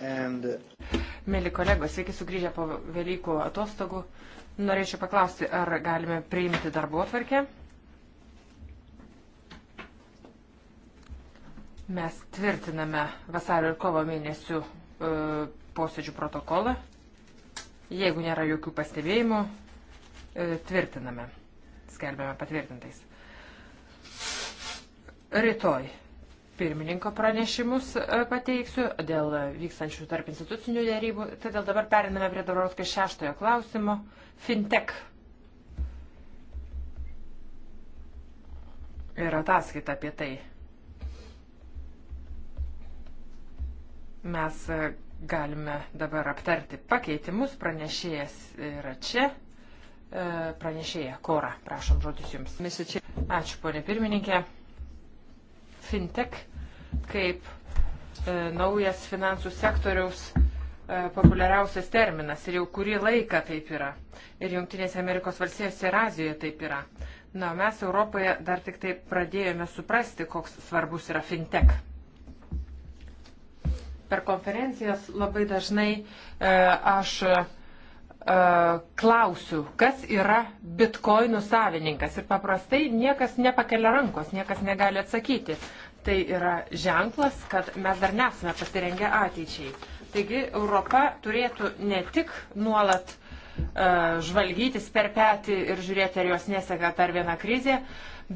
And... Mėly kolegos, sveiki sugrįžę po Velykų atostogų. Norėčiau paklausti, ar galime priimti darbo atvarkę? Mes tvirtiname vasario ir kovo mėnesių e, posėdžių protokolą. Jeigu nėra jokių pastebėjimų, e, tvirtiname. Skelbiame patvirtintais. Rytoj pirmininko pranešimus e, pateiksiu dėl vykstančių tarp institucinių dėrybų. Todėl dabar periname prie Dorotkės šeštojo klausimo. Fintech. Ir ataskaita apie tai. Mes e, galime dabar aptarti pakeitimus. Pranešėjas yra čia e, pranešėja Kora. Prašom žodis Jums. Ačiū, ponė pirmininkė. Fintech kaip e, naujas finansų sektoriaus e, populiariausias terminas ir jau kurį laiką taip yra. Ir Junktinėse Amerikos valstijose ir Azijoje taip yra. Na, mes Europoje dar tik taip pradėjome suprasti, koks svarbus yra fintech. Per konferencijas labai dažnai e, aš e, klausiu, kas yra bitkoinų savininkas. Ir paprastai niekas nepakelia rankos, niekas negali atsakyti. Tai yra ženklas, kad mes dar nesame pasirengę ateičiai. Taigi Europa turėtų ne tik nuolat uh, žvalgytis per petį ir žiūrėti, ar jos neseka per vieną krizę,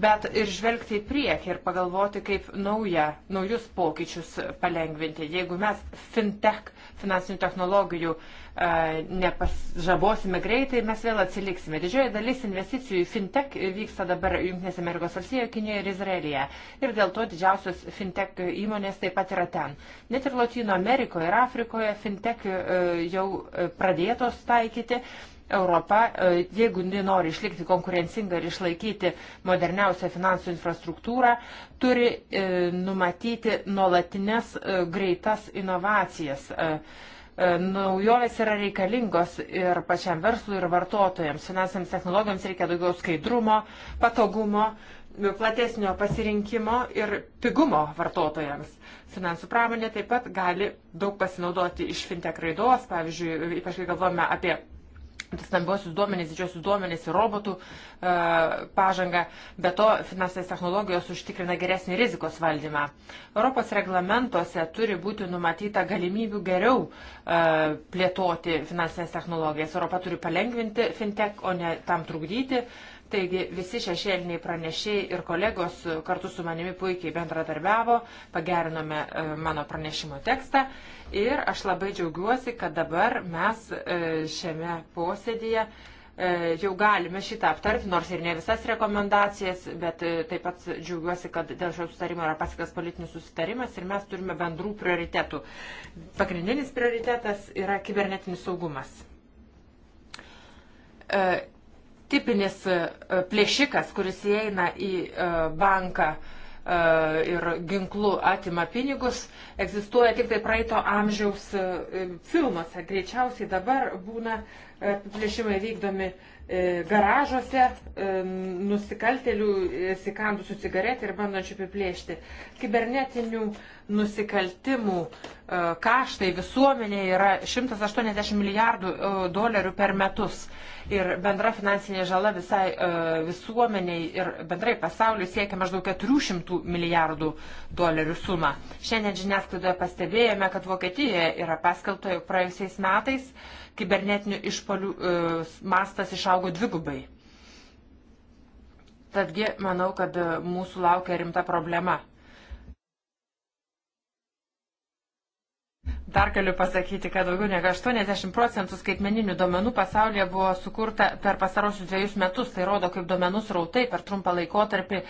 bet ir žvelgti į priekį ir pagalvoti, kaip nauja, naujus pokyčius palengvinti. Jeigu mes fintech, finansinių technologijų uh, nepasžabosime greitai, mes vėl atsiliksime. Didžioji dalis investicijų į fintech vyksta dabar Junktinėse Amerikos valstijoje, Kinijoje ir Izraelyje. Ir dėl to didžiausios fintech įmonės taip pat yra ten. Net ir Latino Amerikoje ir Afrikoje fintech e, jau e, pradėtos taikyti. Europa, e, jeigu nori išlikti konkurencinga ir išlaikyti moderniausią finansų infrastruktūrą, turi numatyti nuolatinės greitas inovacijas. E, E, naujovės yra reikalingos ir pačiam verslui, ir vartotojams. Finansams technologijams reikia daugiau skaidrumo, patogumo, platesnio pasirinkimo ir pigumo vartotojams. Finansų pramonė taip pat gali daug pasinaudoti iš fintech raidos, pavyzdžiui, ypač kai galvojame apie stambiosius duomenys, didžiosius duomenys ir robotų e, pažangą. Be to, finansinės technologijos užtikrina geresnį rizikos valdymą. Europos reglamentuose turi būti numatyta galimybių geriau e, plėtoti finansinės technologijas. Europa turi palengvinti fintech, o ne tam trukdyti. E, Taigi visi šešėliniai pranešiai ir kolegos kartu su manimi puikiai bendradarbiavo, pagerinome e, mano pranešimo tekstą ir aš labai džiaugiuosi, kad dabar mes e, šiame posėdėje e, jau galime šitą aptarti, nors ir ne visas rekomendacijas, bet taip pat džiaugiuosi, kad dėl šio sustarimo yra pasikas politinis sustarimas ir mes turime bendrų prioritetų. Pagrindinis prioritetas yra kibernetinis saugumas tipinis e, e, plėšikas, kuris įeina į e, banką ir ginklu atima pinigus, egzistuoja tik tai praeito amžiaus filmuose. Greičiausiai dabar būna plėšimai vykdomi E, garažuose e, nusikaltelių e, sikandusių cigaretę ir bandančių apiplėšti. Kibernetinių nusikaltimų kaštai visuomenė yra 180 milijardų dolerių per metus. Ir bendra finansinė žala visai visuomeniai ir bendrai pasauliu siekia maždaug 400 milijardų dolerių sumą. Šiandien žiniasklaidoje pastebėjome, kad Vokietijoje yra paskelbta jau praėjusiais metais kibernetinių išpolių e, mastas išaugo dvigubai. Tadgi manau, kad e, mūsų laukia rimta problema. Dar galiu pasakyti, kad daugiau negu 80 procentų skaitmeninių duomenų pasaulyje buvo sukurta per pasarosius dviejus metus. Tai rodo, kaip duomenų srautai per trumpą laikotarpį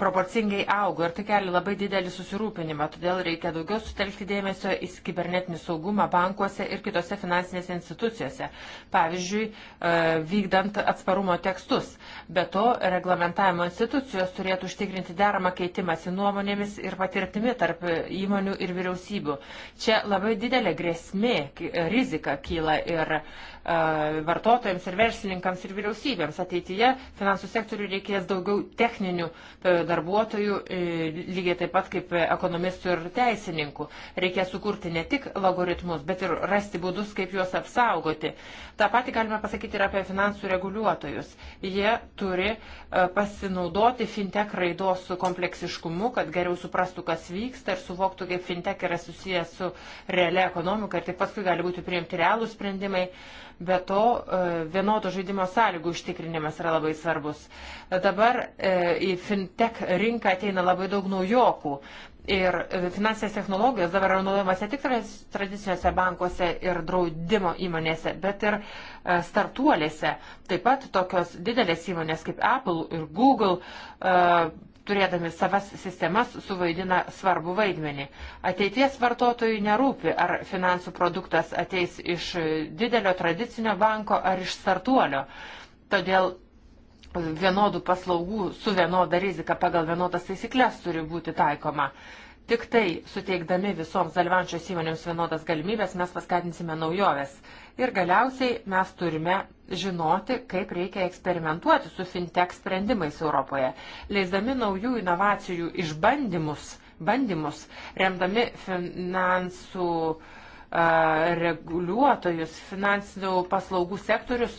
proporcingai augo ir tai kelia labai didelį susirūpinimą. Todėl reikia daugiau sutelkti dėmesio į kibernetinį saugumą bankuose ir kitose finansinėse institucijose. Pavyzdžiui, e, vykdant atsparumo tekstus. Be to, reglamentavimo institucijos turėtų užtikrinti deramą keitimąsi nuomonėmis ir patirtimi tarp įmonių ir vyriausybių. Čia labai didelis didelė grėsmė, rizika kyla ir vartotojams ir verslininkams ir vyriausybėms. Ateityje finansų sektoriui reikės daugiau techninių e, darbuotojų, e, lygiai taip pat kaip ekonomistų ir teisininkų. Reikės sukurti ne tik logaritmus, bet ir rasti būdus, kaip juos apsaugoti. Ta pati galime pasakyti ir apie finansų reguliuotojus. Jie turi e, pasinaudoti fintech raidos kompleksiškumu, kad geriau suprastų, kas vyksta ir suvoktų, kaip fintech yra susijęs su realia ekonomika ir tik paskui gali būti priimti realūs sprendimai. Be to, e, vienodo žaidimo sąlygų užtikrinimas yra labai svarbus. Dabar e, į fintech rinką ateina labai daug naujokų. Ir e, finansinės technologijos dabar yra naudojamas ne tik tradiciniuose bankuose ir draudimo įmonėse, bet ir startuolėse. Taip pat tokios didelės įmonės kaip Apple ir Google turėdami savas sistemas, suvaidina svarbu vaidmenį. Ateities vartotojui nerūpi, ar finansų produktas ateis iš didelio tradicinio banko ar iš startuolio. Todėl vienodų paslaugų su vienoda rizika pagal vienodas taisyklės turi būti taikoma. Tik tai suteikdami visoms dalyvančios įmonėms vienodas galimybės mes paskatinsime naujoves. Ir galiausiai mes turime žinoti, kaip reikia eksperimentuoti su fintech sprendimais Europoje, leisdami naujų inovacijų išbandymus, bandymus, remdami finansų uh, reguliuotojus, finansinių paslaugų sektorius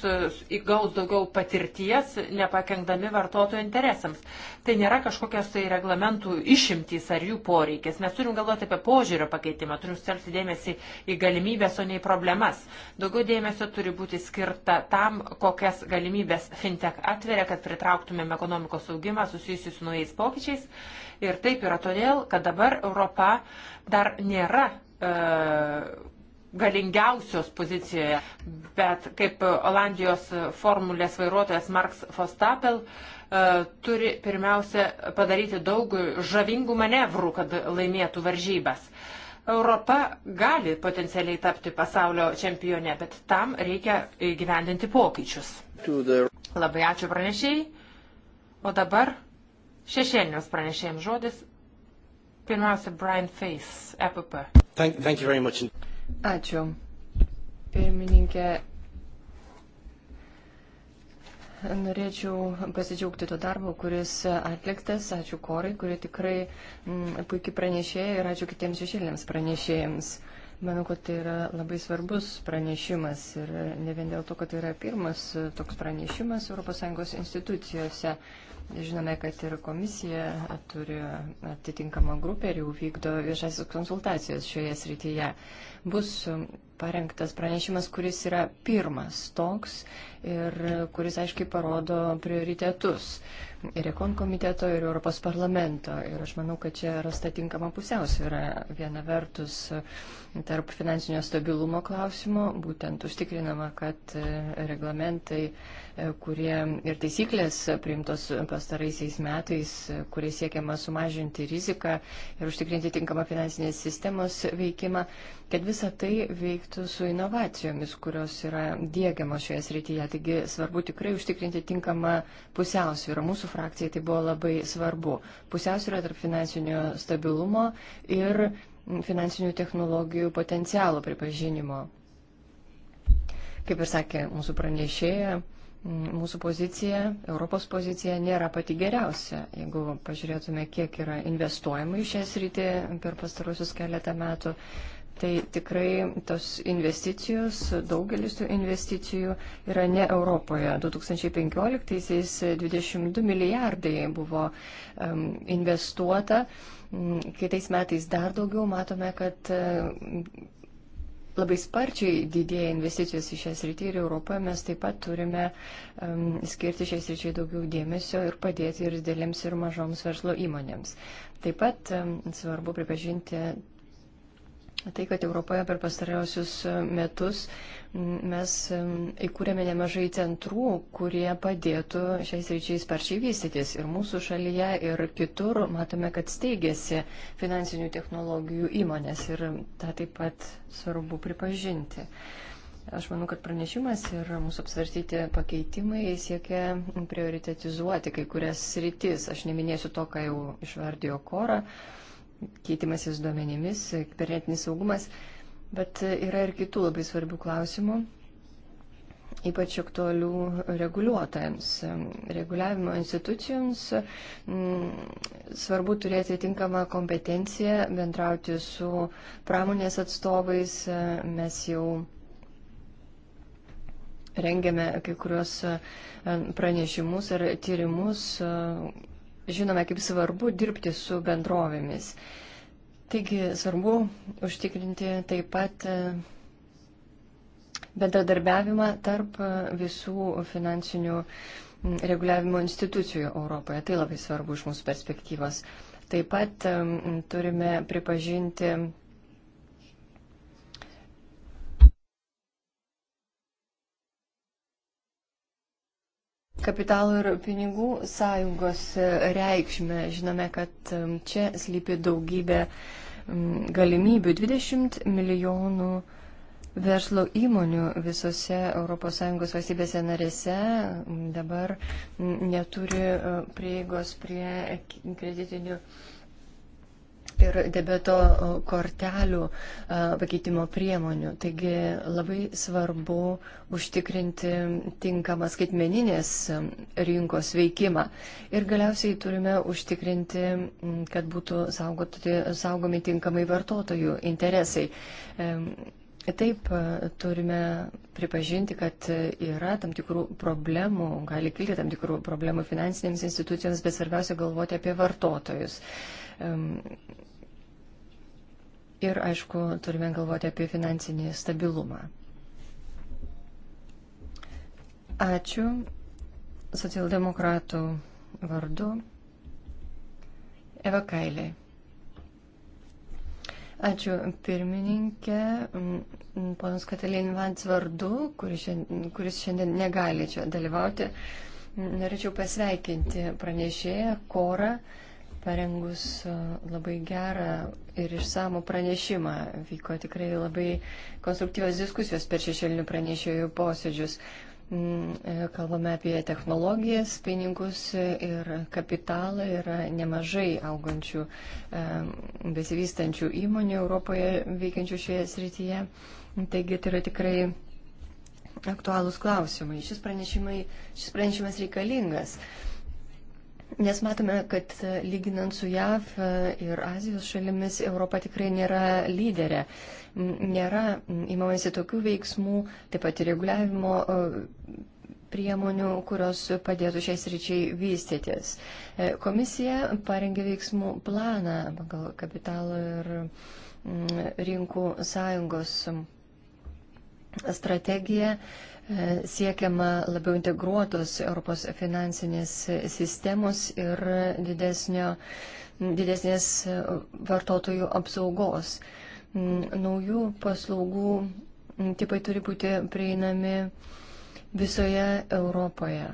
įgaus daugiau patirties, nepakengdami vartotojų interesams. Tai nėra kažkokios tai reglamentų išimtys ar jų poreikis. Mes turim galvoti apie požiūrio pakeitimą, turim sutelkti dėmesį į galimybės, o ne į problemas. Daugiau dėmesio turi būti skirta tam, kokias galimybės fintech atveria, kad pritrauktumėm ekonomikos augimą susijusius su naujais pokyčiais. Ir taip yra todėl, kad dabar Europa dar nėra E, galingiausios pozicijoje, bet kaip Olandijos formulės vairuotojas Marks Fostapel e, turi pirmiausia padaryti daug žavingų manevrų, kad laimėtų varžybas. Europa gali potencialiai tapti pasaulio čempione, bet tam reikia gyvendinti pokyčius. Labai ačiū pranešėjai. O dabar šešėlinius pranešėjams žodis. Pirmiausia, Brian Face, EPP. Thank, thank you very much. Ačiū. Pirmininkė, norėčiau pasidžiaugti tuo darbu, kuris atliktas. Ačiū Korai, kuri tikrai m, mm, puikiai pranešėja ir ačiū kitiems šešėlėms pranešėjams. Uh, Manau, kad tai yra labai svarbus pranešimas ir ne vien dėl to, kad tai yra pirmas toks pranešimas ES institucijose. Žinome, kad ir komisija turi atitinkamą grupę ir jau vykdo viešasis konsultacijas šioje srityje. Bus parengtas pranešimas, kuris yra pirmas toks ir kuris aiškiai parodo prioritetus ir Ekon komiteto, ir Europos parlamento. Ir aš manau, kad čia rasta tinkama pusiausvyrą viena vertus tarp finansinio stabilumo klausimo, būtent užtikrinama, kad e, reglamentai e, kurie ir taisyklės priimtos pastaraisiais metais, e, kurie siekiama sumažinti riziką ir užtikrinti tinkamą finansinės sistemos veikimą, kad visa tai veiktų atsiliktų su inovacijomis, kurios yra dėgiamos šioje srityje. Taigi svarbu tikrai užtikrinti tinkamą pusiausvyrą. Mūsų frakcijai tai buvo labai svarbu. Pusiausvyrą tarp finansinio stabilumo ir finansinių technologijų potencialo pripažinimo. Kaip ir sakė mūsų pranešėja, mūsų pozicija, Europos pozicija nėra pati geriausia. Jeigu pažiūrėtume, kiek yra investuojama į šią sritį per pastarosius keletą metų, tai tikrai tos investicijos, daugelis tų investicijų yra ne Europoje. 2015-2022 milijardai buvo um, investuota, mm, kitais metais dar daugiau matome, kad um, labai sparčiai didėja investicijos į šią sritį ir Europoje mes taip pat turime um, skirti šiai sričiai daugiau dėmesio ir padėti ir didelėms ir mažoms verslo įmonėms. Taip pat um, svarbu pripažinti tai, kad Europoje per pastarėjosius e, metus mes e, įkūrėme nemažai centrų, kurie padėtų šiais ryčiais sparčiai vystytis. Ir mūsų šalyje, ir kitur matome, kad steigėsi finansinių technologijų įmonės ir tą taip pat svarbu pripažinti. Aš manau, kad pranešimas ir mūsų apsvarstyti pakeitimai siekia prioritetizuoti kai kurias sritis. Aš neminėsiu to, ką jau išvardijo Kora. Uh, keitimasis duomenimis, kibernetinis saugumas, bet yra ir kitų labai svarbių klausimų, ypač aktualių reguliuotojams, reguliavimo institucijoms. Mm, svarbu turėti tinkamą kompetenciją, bendrauti su pramonės atstovais. Mes jau rengiame kai kurios e, pranešimus ar tyrimus žinome, kaip svarbu dirbti su bendrovėmis. Taigi svarbu užtikrinti taip pat e, bendradarbiavimą tarp e, visų finansinių reguliavimo institucijų Europoje. Tai labai svarbu iš mūsų perspektyvos. Taip pat e, turime pripažinti kapitalo ir pinigų sąjungos reikšmę. Žinome, kad um, čia slypi daugybė um, galimybių. 20 milijonų verslo įmonių visose ES valstybėse narėse um, dabar neturi uh, prieigos prie uh, kreditinių ir debeto kortelių pakeitimo priemonių. Taigi labai svarbu užtikrinti tinkamą skaitmeninės rinkos veikimą. Ir galiausiai turime užtikrinti, kad būtų saugoti, saugomi tinkamai vartotojų interesai. E, taip, turime pripažinti, kad yra tam tikrų problemų, gali kilti tam tikrų problemų finansinėms institucijoms, bet svarbiausia galvoti apie vartotojus. Ir, aišku, turime galvoti apie finansinį stabilumą. Ačiū socialdemokratų vardu Eva Kailė. Ačiū pirmininkė, ponas Katalin Vans vardu, kuris šiandien, kuris šiandien negali čia dalyvauti. Norėčiau pasveikinti pranešėją Korą parengus labai gerą ir išsamų pranešimą. Vyko tikrai labai konstruktyvios diskusijos per šešėlinių pranešėjų posėdžius. Mm, e, kalbame apie technologijas, pinigus ir kapitalą. Yra nemažai augančių, e, besivystančių įmonių Europoje veikiančių šioje srityje. Taigi tai yra tikrai aktualūs klausimai. Šis, šis pranešimas reikalingas. Nes matome, kad e, lyginant su JAV e, ir Azijos šalimis, Europa tikrai nėra lyderė. Nėra įmamasi tokių veiksmų, taip pat ir reguliavimo priemonių, kurios padėtų šiais ryčiai vystytis. E, komisija parengė veiksmų planą pagal kapitalo ir rinkų sąjungos strategiją E, siekiama labiau integruotos Europos finansinės sistemos ir didesnio, didesnės vartotojų apsaugos. Mm, naujų paslaugų mm, tipai turi būti prieinami visoje Europoje.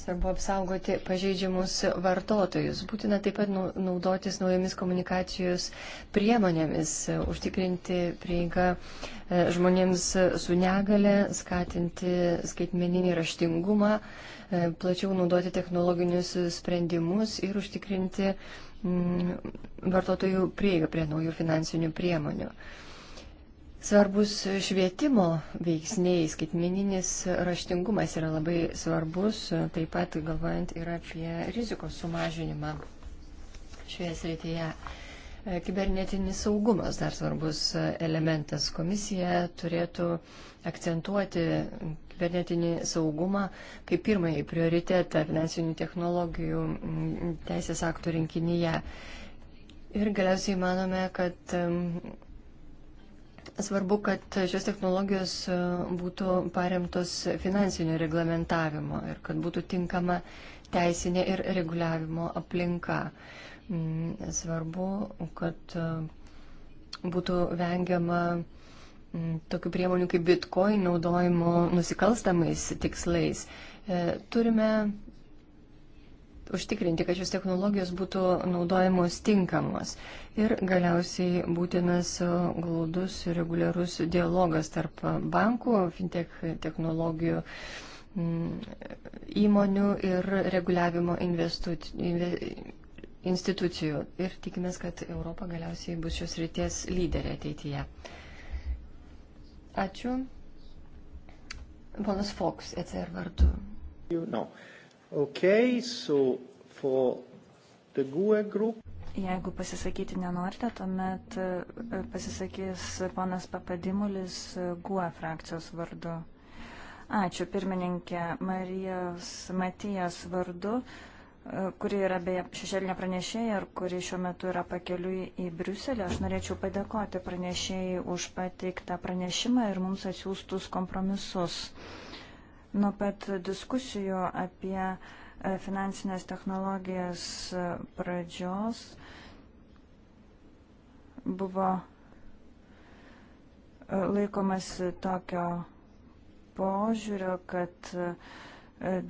Svarbu apsaugoti pažeidžiamus vartotojus. Būtina taip pat nu, naudotis naujomis komunikacijos priemonėmis, užtikrinti prieigą e, žmonėms su negale, skatinti skaitmeninį raštingumą, e, plačiau naudoti technologinius sprendimus ir užtikrinti mm, vartotojų prieigą prie naujų finansinių priemonių. Svarbus švietimo veiksniai, skaitmeninis raštingumas yra labai svarbus, taip pat galvojant ir apie rizikos sumažinimą šioje srityje. Kibernetinis saugumas dar svarbus elementas. Komisija turėtų akcentuoti kibernetinį saugumą kaip pirmąjį prioritetą finansinių technologijų teisės aktų rinkinyje. Ir galiausiai manome, kad Svarbu, kad šios technologijos e, būtų paremtos finansinio reglamentavimo ir kad būtų tinkama teisinė ir reguliavimo aplinka. Mm, svarbu, kad e, būtų vengiama mm, tokių priemonių kaip bitcoin naudojimo nusikalstamais tikslais. E, turime užtikrinti, kad šios technologijos būtų naudojamos tinkamos. Ir galiausiai būtinas e, glaudus ir reguliarus dialogas tarp bankų, fintech technologijų mm, įmonių ir reguliavimo institucijų. Ir tikimės, kad Europa galiausiai bus šios ryties lyderė ateityje. Ačiū. Ponas Fox, ECR vardu. No. Okay, so for the GUE group. Jeigu pasisakyti nenorite, tuomet e, pasisakys ponas Papadimulis GUE e frakcijos vardu. Ačiū pirmininkė Marijos Matijas vardu, e, kuri yra beje šešėlinė pranešėja ir kuri šiuo metu yra pakeliui į Briuselį. Aš norėčiau padėkoti pranešėjai už pateiktą pranešimą ir mums atsiųstus kompromisus. Nuo pat diskusijų apie e, finansinės technologijas e, pradžios buvo e, laikomasi tokio požiūrio, kad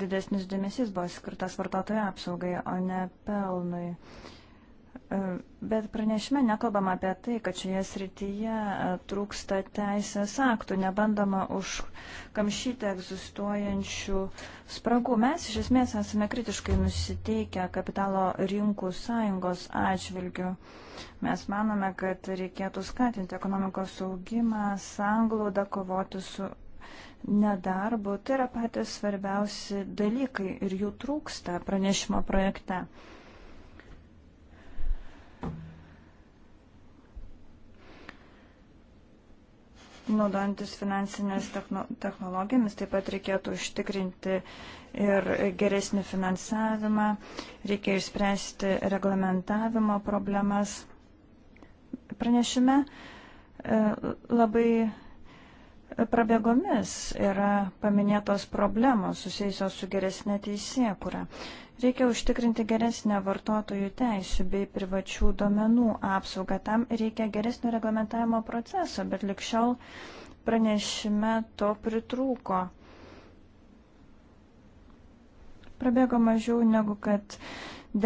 didesnis dėmesys buvo skirtas vartotojų apsaugai, o ne pelnui. E, bet pranešime nekalbama apie tai, kad šioje srityje e, trūksta teisės aktų, nebandoma užkamšyti egzistuojančių spragų. Mes iš esmės esame kritiškai nusiteikę kapitalo rinkų sąjungos atžvilgių. Mes manome, kad reikėtų skatinti ekonomikos augimą, sanglaudą, kovoti su nedarbu. Tai yra patys svarbiausi dalykai ir jų trūksta pranešimo projekte. naudojantis finansinės technologijomis, taip pat reikėtų užtikrinti ir geresnį finansavimą, reikia išspręsti reglamentavimo problemas. Pranešime e, labai prabėgomis yra paminėtos problemos susijusios su geresnė teisėkura. Reikia užtikrinti geresnę vartotojų teisų bei privačių domenų apsaugą. Tam reikia geresnio reglamentavimo proceso, bet likščiol pranešime to pritrūko. Prabėgo mažiau negu kad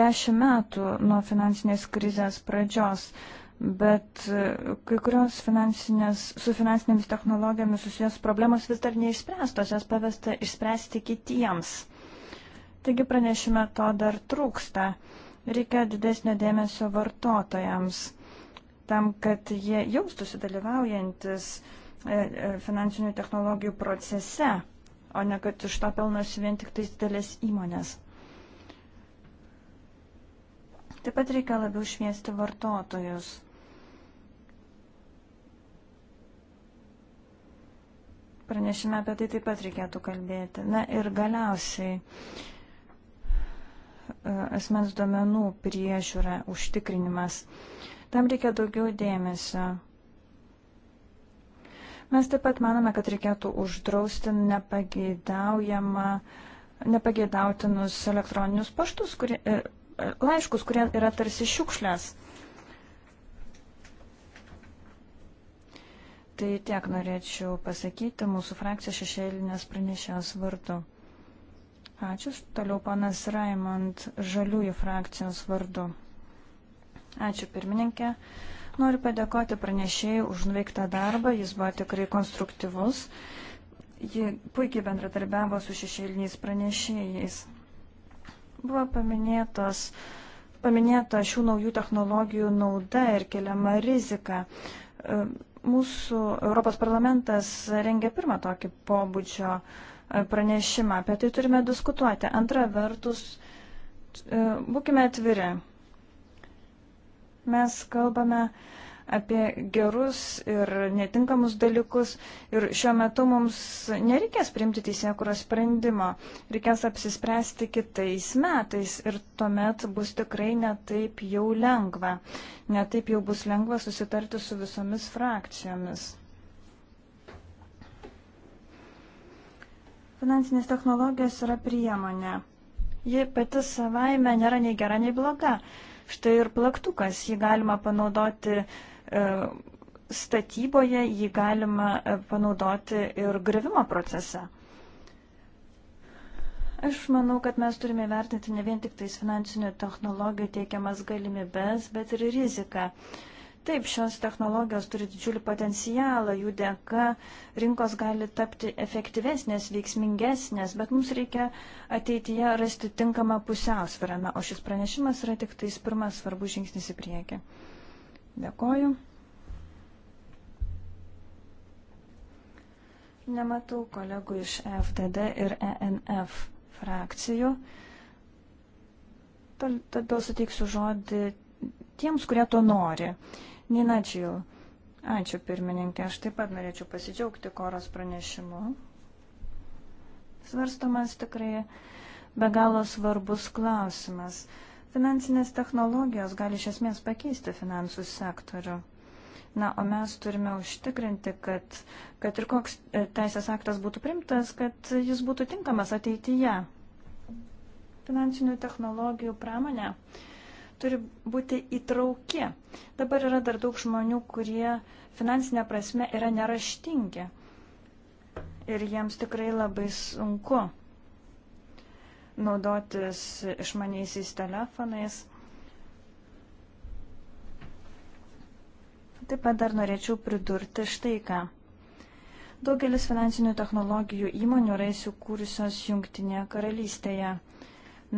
dešimt metų nuo finansinės krizės pradžios bet e, kai kurios su finansinėmis technologijomis susijęs problemos vis dar neišspręstos, jas pavesta išspręsti kitiems. Taigi pranešime to dar trūksta. Reikia didesnio dėmesio vartotojams, tam, kad jie jaustųsi dalyvaujantis e, e, finansinių technologijų procese, o ne kad iš to pelnosi vien tik tais didelės įmonės. Taip pat reikia labiau šviesti vartotojus. pranešime apie tai taip pat reikėtų kalbėti. Na ir galiausiai e, asmens duomenų priežiūra, užtikrinimas. Tam reikia daugiau dėmesio. Mes taip pat manome, kad reikėtų uždrausti nepageidaujamą, nepageidautinus elektroninius paštus, kurie, e, e, laiškus, kurie yra tarsi šiukšlės. Uh, Tai tiek norėčiau pasakyti mūsų frakcijos šešėlinės pranešėjos vardu. Ačiū. Toliau panas Raimond Žaliųjų frakcijos vardu. Ačiū pirmininkė. Noriu padėkoti pranešėjai už nuveiktą darbą. Jis buvo tikrai konstruktyvus. Ji puikiai bendradarbiavo su šešėliniais pranešėjais. Buvo paminėtos, paminėta šių naujų technologijų nauda ir keliama rizika Mūsų Europos parlamentas rengia pirmą tokį pobūdžio e, pranešimą. Apie tai turime diskutuoti. Antra vertus, e, būkime atviri. Mes kalbame uh, apie gerus ir netinkamus dalykus. Ir šiuo metu mums nereikės priimti teisėkuros sprendimo, reikės apsispręsti kitais metais ir tuomet bus tikrai netaip jau lengva. Netaip jau bus lengva susitarti su visomis frakcijomis. Finansinės technologijos yra priemonė. Ji pati savaime nėra nei gera, nei bloga. Štai ir plaktukas, jį galima panaudoti uh, E, statyboje jį galima e, panaudoti ir grevimo procese. Aš manau, kad mes turime vertinti ne vien tik tais finansinių technologijų teikiamas galimybės, bet ir riziką. Taip, šios technologijos turi didžiulį potencialą, jų dėka rinkos gali tapti efektyvesnės, veiksmingesnės, bet mums reikia ateityje rasti tinkamą pusiausvyrą. Na, o šis pranešimas yra tik tais pirmas svarbus žingsnis į priekį. Dėkoju. Nematau kolegų iš FDD ir ENF frakcijų. Todėl suteiksiu žodį tiems, kurie to nori. Nina Džil. Ačiū pirmininkė. Aš taip pat norėčiau pasidžiaugti koros pranešimu. Svarstomas tikrai be galo svarbus klausimas. Finansinės technologijos gali iš esmės pakeisti finansų sektorių. Na, o mes turime užtikrinti, kad, kad ir koks e, teisės aktas būtų primtas, kad jis būtų tinkamas ateityje. Finansinių technologijų pramonė turi būti įtrauki. Dabar yra dar daug žmonių, kurie finansinė prasme yra neraštingi. Ir jiems tikrai labai sunku naudotis išmaniaisiais telefonais. Taip pat dar norėčiau pridurti štai ką. Daugelis finansinių technologijų įmonių yra įsikūrusios Junktinėje karalystėje.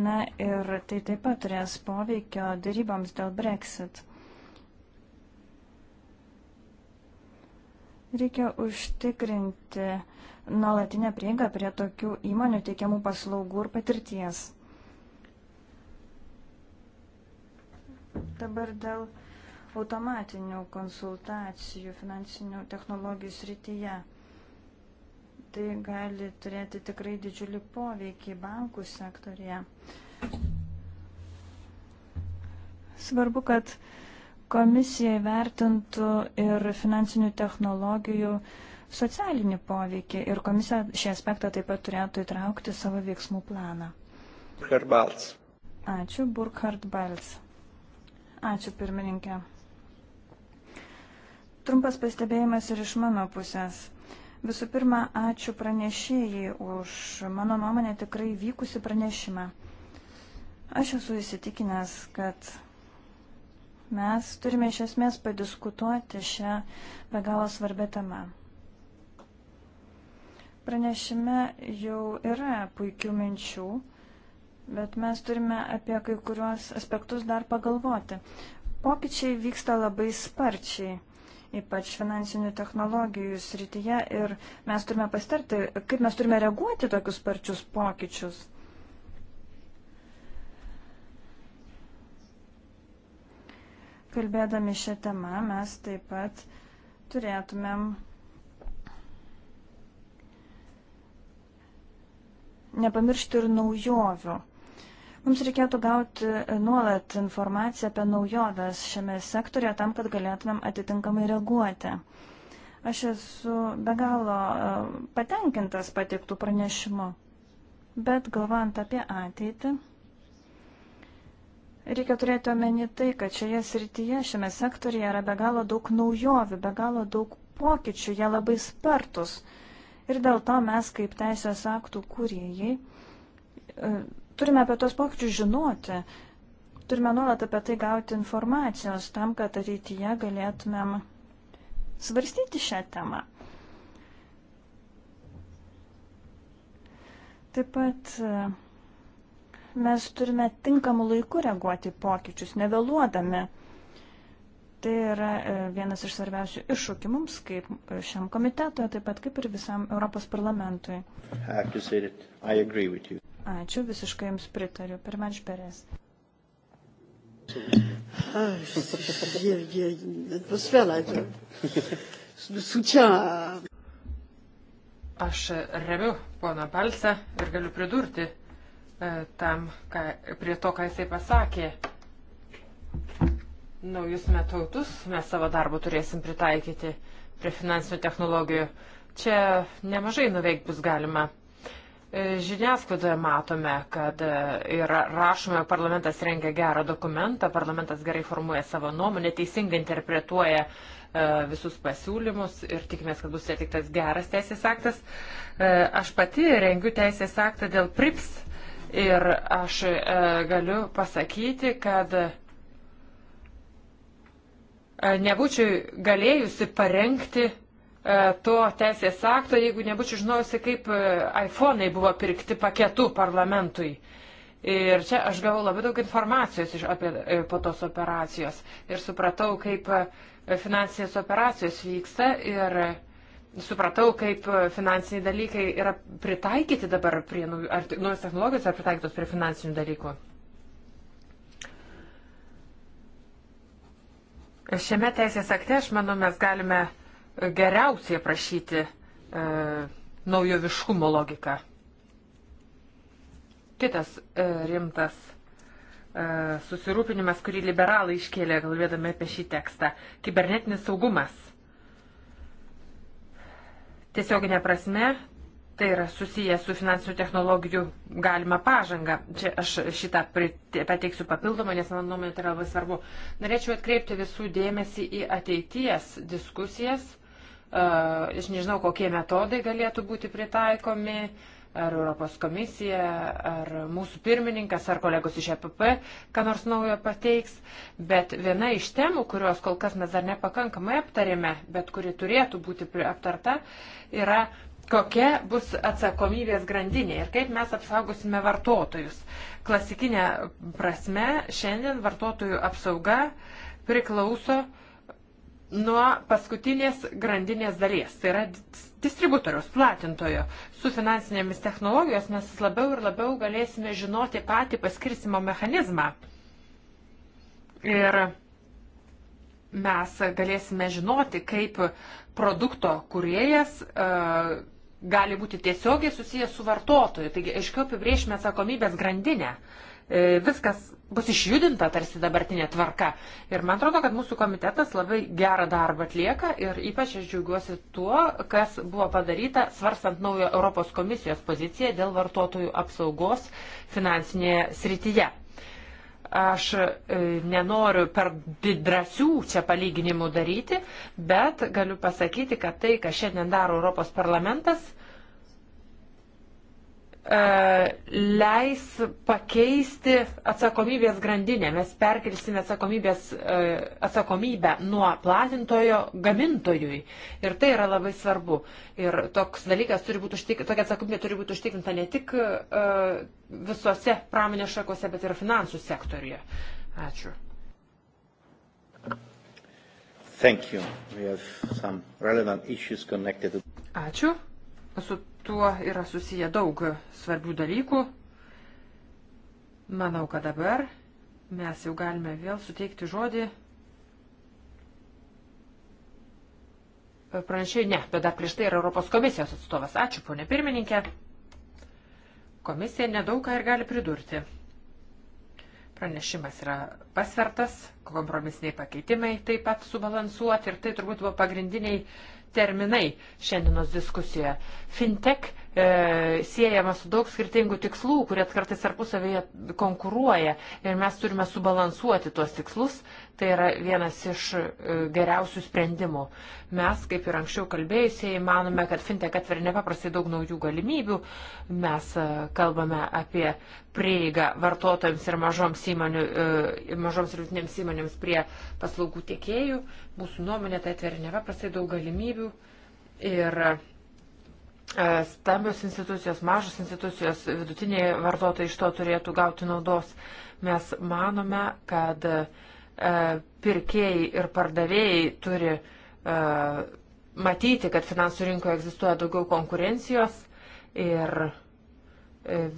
Na ir tai taip pat turės poveikio darybams dėl Brexit. Reikia užtikrinti nuolatinę prieigą prie tokių įmonių teikiamų paslaugų ir patirties. Dabar dėl automatinių konsultacijų finansinių technologijų srityje. Tai gali turėti tikrai didžiulį poveikį bankų sektorėje. Svarbu, kad komisija įvertintų ir finansinių technologijų uh, socialinį poveikį ir komisija šį aspektą taip pat turėtų įtraukti savo veiksmų planą. Herbals. Ačiū, Burkhard Bals. Ačiū, pirmininkė. Trumpas pastebėjimas ir iš mano pusės. Visų pirma, ačiū pranešėjai už mano nuomonę tikrai vykusi pranešimą. Aš esu įsitikinęs, kad mes turime iš esmės padiskutuoti šią be galo svarbę temą. Pranešime jau yra puikių minčių, bet mes turime apie kai kuriuos aspektus dar pagalvoti. Pokyčiai vyksta labai sparčiai ypač finansinių technologijų srityje ir mes turime pastarti, kaip mes turime reaguoti tokius sparčius pokyčius. Kalbėdami šią temą mes taip pat turėtumėm nepamiršti ir naujovių. Mums reikėtų gauti nuolat informaciją apie naujoves šiame sektorėje tam, kad galėtumėm atitinkamai reaguoti. Aš esu be galo e, patenkintas patiktų pranešimu, bet galvant apie ateitį, reikia turėti omeny tai, kad šioje srityje, šiame sektorėje yra be galo daug naujovių, be galo daug pokyčių, jie labai spartus. Ir dėl to mes kaip teisės aktų kūrėjai e, turime apie tos pokyčius žinoti, turime nuolat apie tai gauti informacijos tam, kad ateityje galėtumėm svarstyti šią temą. Taip pat e, mes turime tinkamu laiku reaguoti pokyčius, nevėluodami. Tai yra e, vienas iš svarbiausių iššūkių mums, kaip e, šiam komitetui, taip pat kaip ir visam Europos parlamentui. Ačiū, visiškai Jums pritariu. Pirmač Perės. Aš remiu poną Balsą ir galiu pridurti e, tam, ką, prie to, ką jisai pasakė naujus metodus mes savo darbu turėsim pritaikyti prie finansinių technologijų. Čia nemažai nuveikti bus galima. E, žiniasklaidoje matome, kad yra e, rašome, parlamentas rengia gerą dokumentą, parlamentas gerai formuoja savo nuomonę, teisingai interpretuoja e, visus pasiūlymus ir tikimės, kad bus atliktas geras teisės aktas. Aš pati rengiu teisės aktą dėl PRIPS ir aš galiu pasakyti, kad E, nebūčiau galėjusi parengti e, to teisės akto, jeigu nebūčiau žinojusi, kaip e, iPhone'ai buvo pirkti paketu parlamentui. Ir čia aš gavau labai daug informacijos iš, apie, po tos operacijos ir supratau, kaip finansinės operacijos vyksta ir supratau, kaip finansiniai dalykai yra pritaikyti dabar prie naujos technologijos ar pritaikytos prie finansinių dalykų. Šiame teisės akte, aš manau, mes galime geriausiai aprašyti e, naujoviškumo logiką. Kitas e, rimtas e, susirūpinimas, kurį liberalai iškėlė, galvėdami apie šį tekstą - kibernetinis saugumas. Tiesioginė prasme, Tai yra susijęs su finansinių technologijų galima pažanga. Čia aš šitą pateiksiu papildomą, nes mano nuomonė tai yra labai svarbu. Norėčiau atkreipti visų dėmesį į ateities diskusijas. E, aš nežinau, kokie metodai galėtų būti pritaikomi. Ar Europos komisija, ar mūsų pirmininkas, ar kolegos iš EPP, ką nors naujo pateiks. Bet viena iš temų, kurios kol kas mes dar nepakankamai aptarėme, bet kuri turėtų būti aptarta, yra uh, kokia bus atsakomybės grandinė ir kaip mes apsaugosime vartotojus. Klasikinė prasme šiandien vartotojų apsauga priklauso nuo paskutinės grandinės dalies, tai yra distributoriaus, platintojo. Su finansinėmis technologijos mes labiau ir labiau galėsime žinoti patį paskirsimo mechanizmą. Ir mes galėsime žinoti, kaip produkto kuriejas uh, gali būti tiesiogiai susijęs su vartotoju. Taigi aiškiau apibriešime atsakomybės grandinę. E, viskas bus išjudinta tarsi dabartinė tvarka. Ir man atrodo, kad mūsų komitetas labai gerą darbą atlieka ir ypač aš džiaugiuosi tuo, kas buvo padaryta svarstant naują Europos komisijos poziciją dėl vartotojų apsaugos finansinėje srityje. Aš e, nenoriu per drąsių čia palyginimų daryti, bet galiu pasakyti, kad tai, ką šiandien daro Europos parlamentas, E, leis pakeisti atsakomybės grandinę. Mes perkelsime atsakomybės, e, atsakomybę nuo platintojo gamintojui. Ir tai yra labai svarbu. Ir toks dalykas turi būti užtikrinta, tokia atsakomybė turi būti užtikrinta ne tik e, visose pramonės šakose, bet ir finansų sektoriuje. Ačiū. Thank you. We have some relevant issues connected. Ačiū. Su tuo yra susiję daug svarbių dalykų. Manau, kad dabar mes jau galime vėl suteikti žodį. Pranešėjai, ne, bet dar prieš tai yra Europos komisijos atstovas. Ačiū, ponė pirmininkė. Komisija nedaug ką ir gali pridurti. Pranešimas yra pasvertas, kompromisiniai pakeitimai taip pat subalansuoti ir tai turbūt buvo pagrindiniai uh, terminai šiandienos diskusijoje. Fintech e, siejama su daug skirtingų tikslų, kurie kartais tarpusavėje konkuruoja ir mes turime subalansuoti tuos tikslus. Tai yra vienas iš e, geriausių sprendimų. Mes, kaip ir anksčiau kalbėjusieji, manome, kad fintech atveria nepaprastai daug naujų galimybių. Mes e, kalbame apie prieigą vartotojams ir mažoms, įmonių, e, mažoms ir vidutinėms įmonėms prie paslaugų tiekėjų. Mūsų nuomonė tai atveria nepaprastai daug galimybių ir e, stambios institucijos, mažos institucijos, vidutiniai vartotojai iš to turėtų gauti naudos. Mes manome, kad e, pirkėjai ir pardavėjai turi e, matyti, kad finansų rinkoje egzistuoja daugiau konkurencijos ir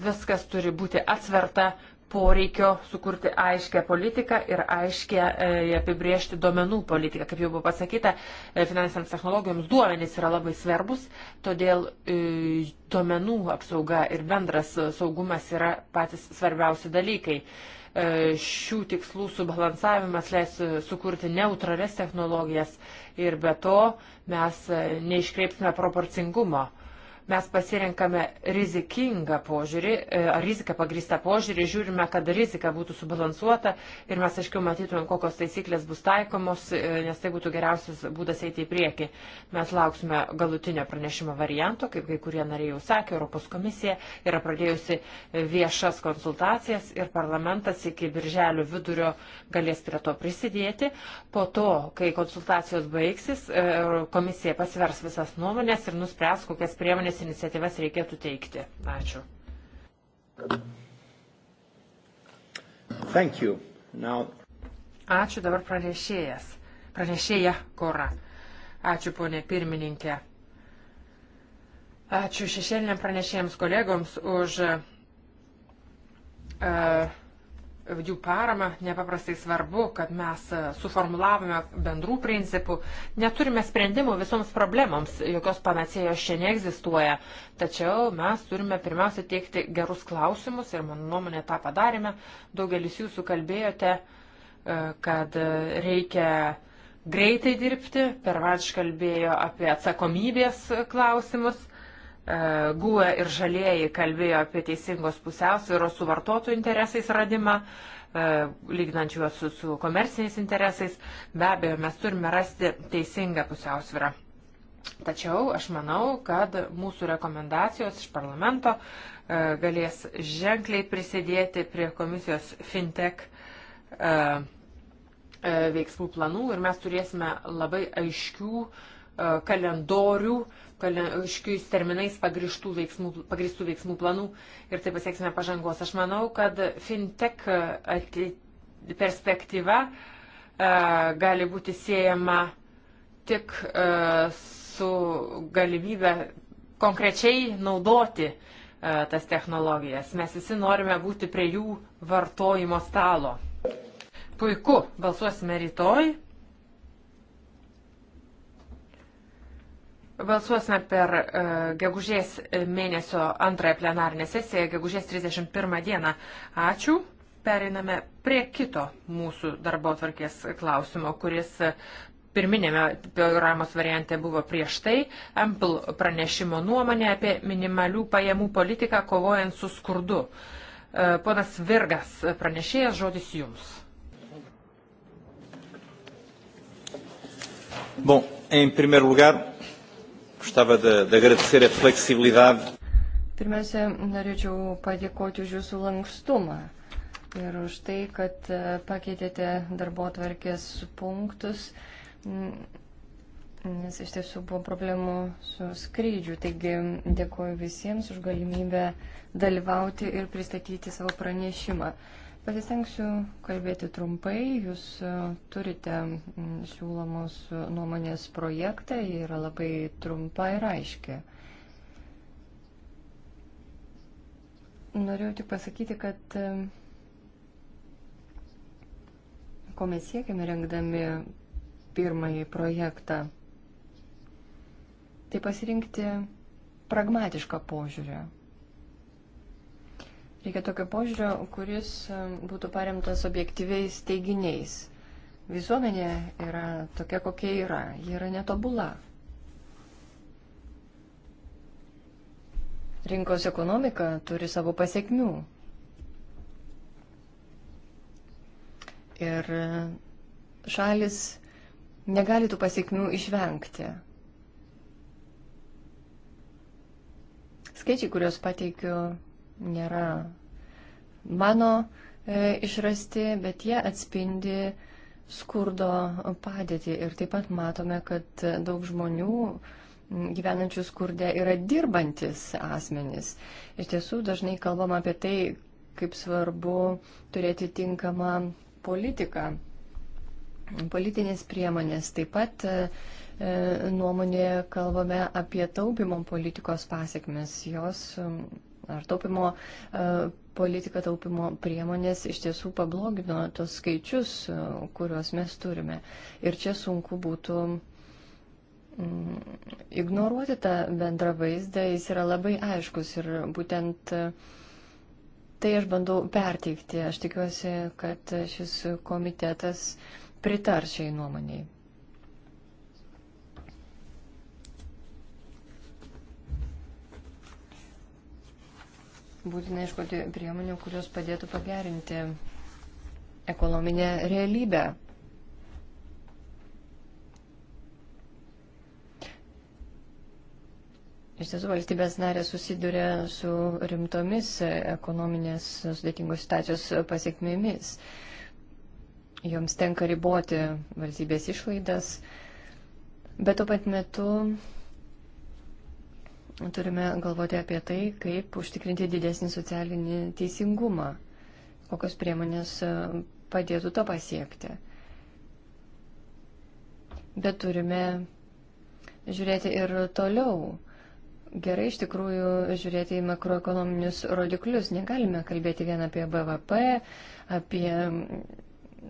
viskas turi būti atsverta poreikio sukurti aiškę politiką ir aiškę e, apibriežti duomenų politiką. Kaip jau buvo pasakyta, e, finansiniams technologijoms duomenys yra labai svarbus, todėl e, duomenų apsauga ir bendras saugumas yra patys svarbiausi dalykai. Šių tikslų subalansavimas leis sukurti neutrales technologijas ir be to mes neiškreipsime proporcingumo mes pasirenkame rizikingą požiūrį, e, ar riziką pagrįstą požiūrį, žiūrime, kad rizika būtų subalansuota ir mes aiškiau matytumėm, kokios taisyklės bus taikomos, e, nes tai būtų geriausias būdas eiti į priekį. Mes lauksime galutinio pranešimo varianto, kaip kai kurie nariai jau sakė, Europos komisija yra pradėjusi viešas konsultacijas ir parlamentas iki birželio vidurio galės prie to prisidėti. Po to, kai konsultacijos baigsis, e, komisija pasvers visas nuomonės ir nuspręs, kokias priemonės kokias iniciatyvas reikėtų teikti. Ačiū. Thank you. Now... Ačiū dabar pranešėjas. Pranešėja Kora. Ačiū ponė pirmininkė. Ačiū šešėliniam pranešėjams kolegoms už uh, jų paramą, nepaprastai svarbu, kad mes e, suformulavome bendrų principų. Neturime sprendimų visoms problemoms, jokios panacėjos čia neegzistuoja. Tačiau mes turime pirmiausia teikti gerus klausimus ir mano nuomonė tą padarėme. Daugelis jūsų kalbėjote, e, kad e, reikia greitai dirbti, pervač kalbėjo apie atsakomybės klausimus. E, GUE ir žalieji kalbėjo apie teisingos pusiausvėros su vartotojų interesais radimą, e, lyginant juos su, su komerciniais interesais. Be abejo, mes turime rasti teisingą pusiausvyrą. Tačiau aš manau, kad mūsų rekomendacijos iš parlamento e, galės ženkliai prisidėti prie komisijos fintech veiksmų planų ir mes turėsime labai aiškių kalendorių uh, aiškiais terminais pagristų veiksmų, pagristų veiksmų planų ir taip pasieksime pažangos. Aš manau, kad fintech perspektyva e, gali būti siejama tik e, su galimybė konkrečiai naudoti e, tas technologijas. Mes visi norime būti prie jų vartojimo stalo. Puiku, balsuosime rytoj. Balsuosime per uh, gegužės mėnesio antrąją plenarinę sesiją, gegužės 31 dieną. Ačiū. Pereiname prie kito mūsų darbo tvarkės klausimo, kuris e, pirminėme programos variante buvo prieš tai. Ample pranešimo nuomonė apie minimalių pajamų politiką kovojant su skurdu. Uh, ponas Virgas pranešėjas, žodis jums. Bom, em primeiro lugar, Gostava de, de agradecer a flexibilidade. Pirmiausia, norėčiau padėkoti už jūsų lankstumą ir už tai, kad e, pakeitėte darbo tvarkės punktus, nes iš tiesų buvo problemų su skrydžiu. Taigi dėkoju visiems už galimybę dalyvauti ir pristatyti savo pranešimą. Pasistengsiu kalbėti trumpai. Jūs e, turite siūlomus nuomonės projektą, jie yra labai trumpa ir aiški. Norėjau tik pasakyti, kad e, ko mes siekime rengdami pirmąjį projektą, tai pasirinkti pragmatišką požiūrį Reikia tokio požiūrio, kuris e, būtų paremtas objektyviais teiginiais. Visuomenė yra tokia, kokia yra. Ji yra netobula. Rinkos ekonomika turi savo pasiekmių. Ir šalis negali tų pasiekmių išvengti. Skaičiai, kuriuos pateikiu nėra mano e, išrasti, bet jie atspindi skurdo padėtį. Ir taip pat matome, kad daug žmonių gyvenančių skurdė yra dirbantis asmenys. Iš tiesų dažnai kalbam apie tai, kaip svarbu turėti tinkamą politiką, politinės priemonės. Taip pat e, nuomonėje kalbame apie taupimo politikos pasiekmes. Jos ar taupimo e, politika, taupimo priemonės iš tiesų pablogino tos skaičius, e, kuriuos mes turime. Ir čia sunku būtų mm, ignoruoti tą bendrą vaizdą, jis yra labai aiškus ir būtent e, tai aš bandau perteikti. Aš tikiuosi, kad šis komitetas pritars šiai nuomoniai. būtina iškoti priemonių, kurios padėtų pagerinti ekonominę realybę. Iš tiesų, valstybės narės susiduria su rimtomis ekonominės sudėtingos situacijos pasiekmėmis. Joms tenka riboti valstybės išlaidas, bet tuo pat metu turime galvoti apie tai, kaip užtikrinti didesnį socialinį teisingumą, kokios priemonės e, padėtų to pasiekti. Bet turime žiūrėti ir toliau. Gerai iš tikrųjų žiūrėti į makroekonominius rodiklius. Negalime kalbėti vien apie BVP, apie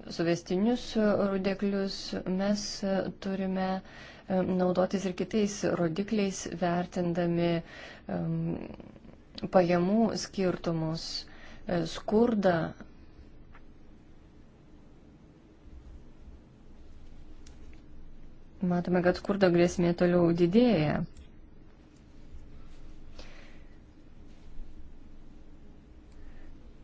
suvestinius rodiklius, mes turime naudotis ir kitais rodikliais, vertindami pajamų skirtumus, e, skurdą. Matome, kad skurdo grėsmė toliau didėja.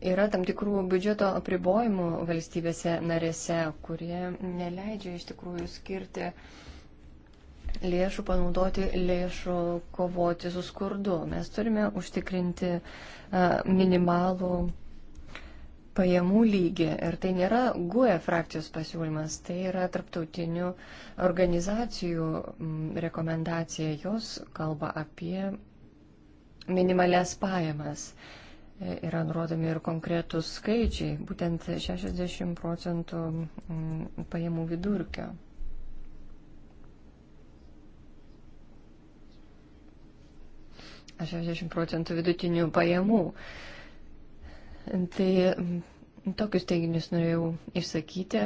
Yra tam tikrų biudžeto apribojimų valstybėse narėse, kurie neleidžia iš tikrųjų skirti lėšų, panaudoti lėšų kovoti su skurdu. Mes turime užtikrinti minimalų pajamų lygį. Ir tai nėra GUE frakcijos pasiūlymas, tai yra tarptautinių organizacijų rekomendacija. Jos kalba apie minimales pajamas. Uh, yra nurodomi ir konkretūs skaičiai, būtent 60 procentų mm, pajamų vidurkio. Aš 60 procentų vidutinių pajamų. Tai mm, tokius teiginius norėjau išsakyti.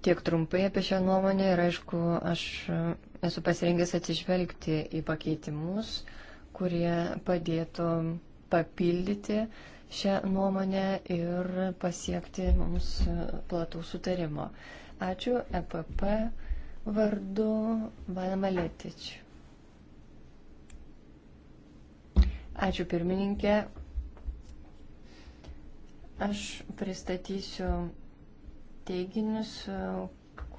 Tiek trumpai apie šią nuomonę ir aišku, aš esu pasirengęs atsižvelgti į pakeitimus. Uh, kurie padėtų papildyti šią nuomonę ir pasiekti mums platų sutarimo. Ačiū EPP vardu Valma Letič. Ačiū pirmininkė. Aš pristatysiu teiginius,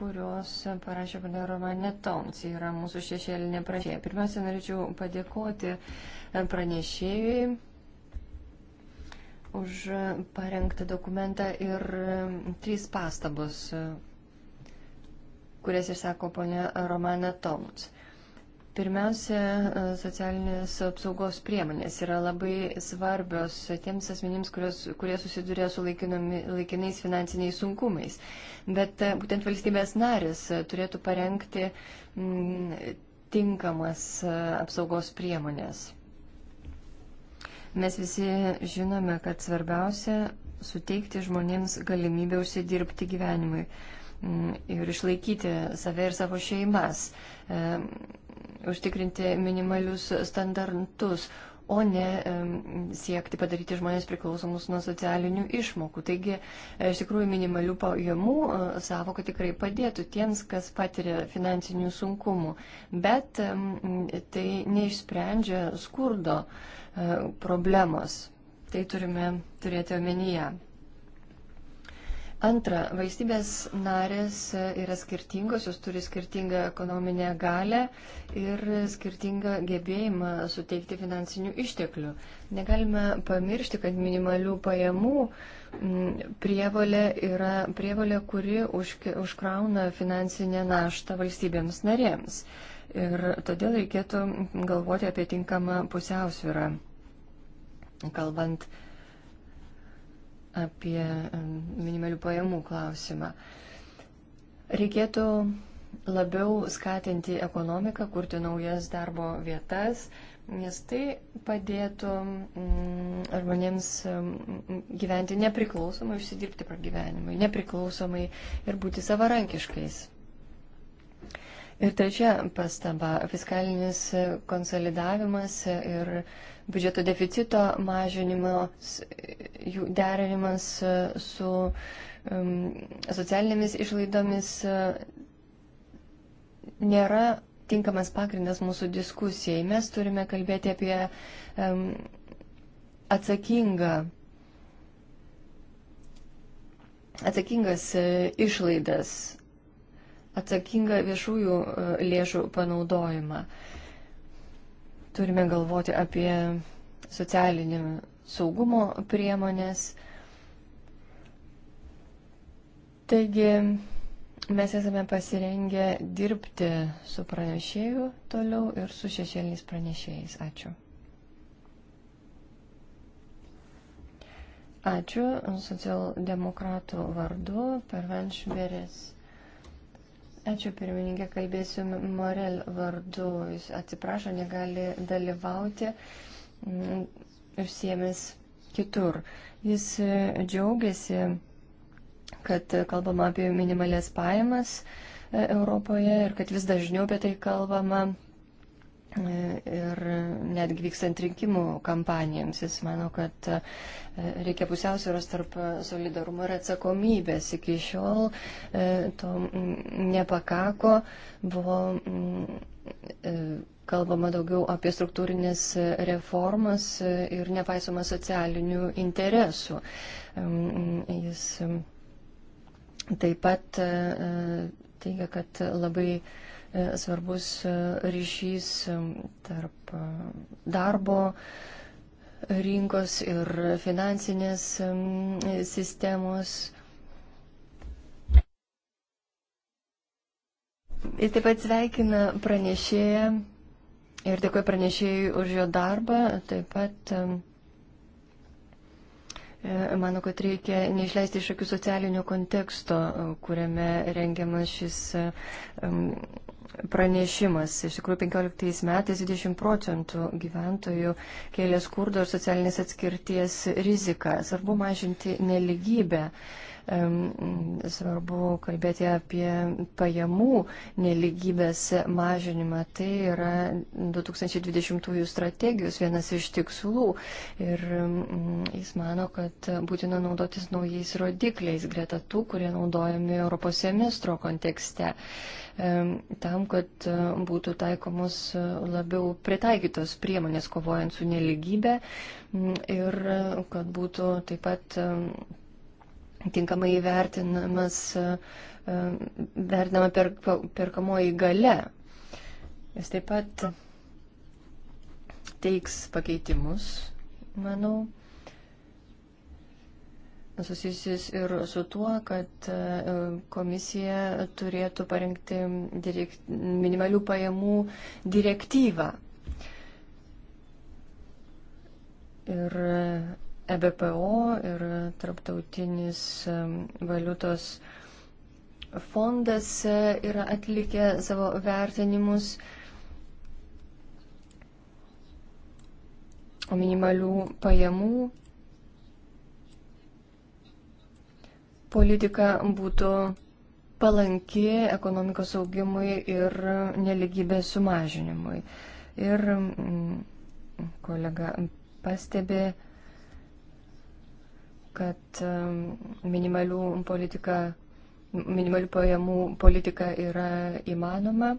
kurios parašė ponia Romanė Toms, yra mūsų šešėlinė prašėja. Pirmiausia, norėčiau padėkoti pranešėjui už parengtą dokumentą ir trys pastabos, kurias išsako ponia Romanė Toms. Pirmiausia, e, socialinės apsaugos priemonės yra labai svarbios tiems asmenims, kurios, kurie susiduria su laikinais finansiniais sunkumais. Bet e, būtent valstybės narės e, turėtų parengti m, mm, tinkamas apsaugos priemonės. Mes visi žinome, kad svarbiausia suteikti žmonėms galimybę užsidirbti gyvenimui mm, ir išlaikyti save ir savo šeimas užtikrinti minimalius standartus, o ne siekti padaryti žmonės priklausomus nuo socialinių išmokų. Taigi, e, iš tikrųjų, minimalių pajamų e, savoka tikrai padėtų tiems, kas patiria finansinių sunkumų, bet tai neišsprendžia skurdo e, problemos. Tai turime turėti omenyje. Antra, valstybės narės yra skirtingos, jos turi skirtingą ekonominę galę ir skirtingą gebėjimą suteikti finansinių išteklių. Negalime pamiršti, kad minimalių pajamų mm, prievalė yra prievalė, kuri už, užkrauna finansinę naštą valstybėms narėms. Ir todėl reikėtų galvoti apie tinkamą pusiausvyrą, kalbant apie apie minimalių pajamų klausimą. Reikėtų labiau skatinti ekonomiką, kurti naujas darbo vietas, nes tai padėtų mm, žmonėms gyventi nepriklausomai, užsidirbti pragyvenimui, nepriklausomai ir būti savarankiškais. Ir trečia pastaba - fiskalinis konsolidavimas ir biudžeto deficito mažinimas, jų derinimas su um, socialinėmis išlaidomis nėra tinkamas pagrindas mūsų diskusijai. Mes turime kalbėti apie um, atsakingą atsakingas e, išlaidas atsakingą viešųjų e, lėšų panaudojimą. Turime galvoti apie socialinį saugumo priemonės. Taigi mes esame pasirengę dirbti su pranešėju toliau ir su šešėliniais pranešėjais. Ačiū. Ačiū socialdemokratų vardu per Vanšberės. Ačiū pirmininkė, kalbėsiu Morel vardu. Jis atsiprašo, negali dalyvauti užsiemęs kitur. Jis e, džiaugiasi, kad kalbama apie minimalės pajamas e, Europoje ir kad vis dažniau apie tai kalbama Ir netgi vykstant rinkimų kampanijams, jis mano, kad e, reikia pusiausvėros tarp solidarumo ir atsakomybės. Iki šiol e, to nepakako, buvo mm, e, kalbama daugiau apie struktūrinės reformas ir nepaisoma socialinių interesų. Mm, jis taip pat teigia, kad labai E, svarbus e, ryšys e, tarp darbo rinkos ir finansinės sistemos. Jis taip pat sveikina pranešėją ir dėkoju pranešėjui už jo darbą. Taip pat Manau, kad reikia neišleisti iš akių socialinio konteksto, kuriame rengiamas šis pranešimas. Iš tikrųjų, 15 metais 20 procentų gyventojų kėlė skurdo ir socialinės atskirties riziką. Svarbu mažinti neligybę svarbu kalbėti apie pajamų neligybės mažinimą. Tai yra 2020 strategijos vienas iš tikslų ir jis mano, kad būtina naudotis naujais rodikliais greta tų, kurie naudojami Europos semestro kontekste, tam, kad e, būtų taikomos labiau pritaikytos priemonės kovojant su neligybė ir e, kad būtų taip pat tinkamai vertinamas, e, vertinama per, perkamoji gale. Jis taip pat teiks pakeitimus, manau, susijusius ir su tuo, kad e, komisija turėtų parengti direkt, minimalių pajamų direktyvą. Ir EBPO ir Tarptautinis valiutos fondas e, yra atlikę savo vertinimus. O minimalių pajamų politika būtų palanki ekonomikos augimui ir neligybės sumažinimui. Ir kolega pastebė, kad minimalių politika, minimalių pajamų politika yra įmanoma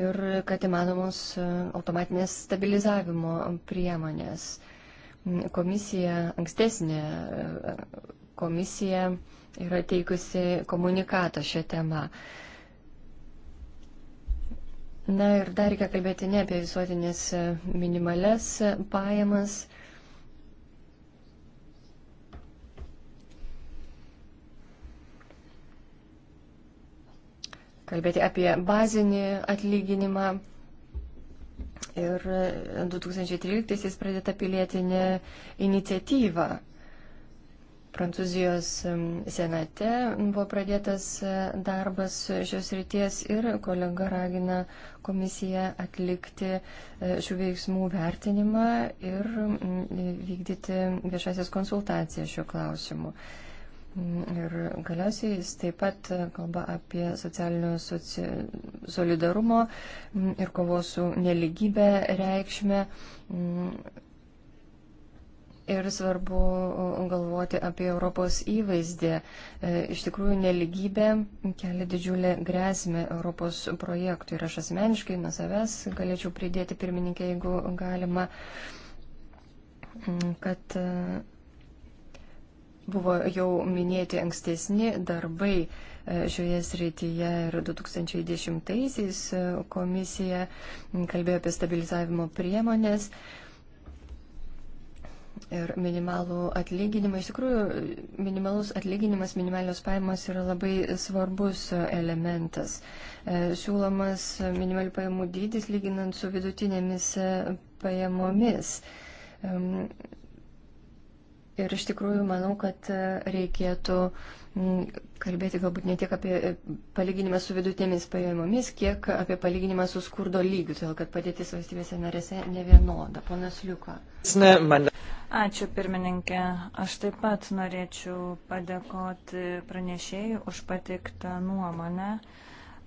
ir kad įmanomos e, automatinės stabilizavimo priemonės. Komisija, ankstesnė e, e, komisija yra teikusi komunikatą šią temą. Na ir dar reikia kalbėti ne apie visuotinės e, minimales e, pajamas. Kalbėti apie bazinį atlyginimą. Ir 2013-aisiais e, pradėta pilietinė iniciatyva Prancūzijos senate buvo pradėtas e, darbas šios ryties ir kolega ragina komisiją atlikti e, šių veiksmų vertinimą ir e, vykdyti viešasias konsultacijas šiuo klausimu. Ir galiausiai jis taip pat kalba apie socialinio soci... solidarumo ir kovos su neligybė reikšmę Ir svarbu galvoti apie Europos įvaizdį. E, iš tikrųjų, neligybė kelia didžiulę grėsmę Europos projektui. Ir aš asmeniškai nuo savęs galėčiau pridėti pirmininkę, jeigu galima, kad e, buvo jau minėti ankstesni darbai e, šioje srityje ir 2010-aisiais komisija kalbėjo apie stabilizavimo priemonės ir minimalų atlyginimą. Iš tikrųjų, minimalus atlyginimas, minimalios pajamos yra labai svarbus elementas. E, siūlomas minimalių pajamų dydis lyginant su vidutinėmis e, pajamomis. Ir iš tikrųjų manau, kad e, reikėtų kalbėti galbūt ne tiek apie e, palyginimą su vidutinėmis pajamomis, kiek apie palyginimą su skurdo lygiu, todėl kad padėtis valstybėse narėse nevienoda. Ponas Liuka. Ačiū pirmininkė. Aš taip pat norėčiau padėkoti pranešėjai už patiktą nuomonę.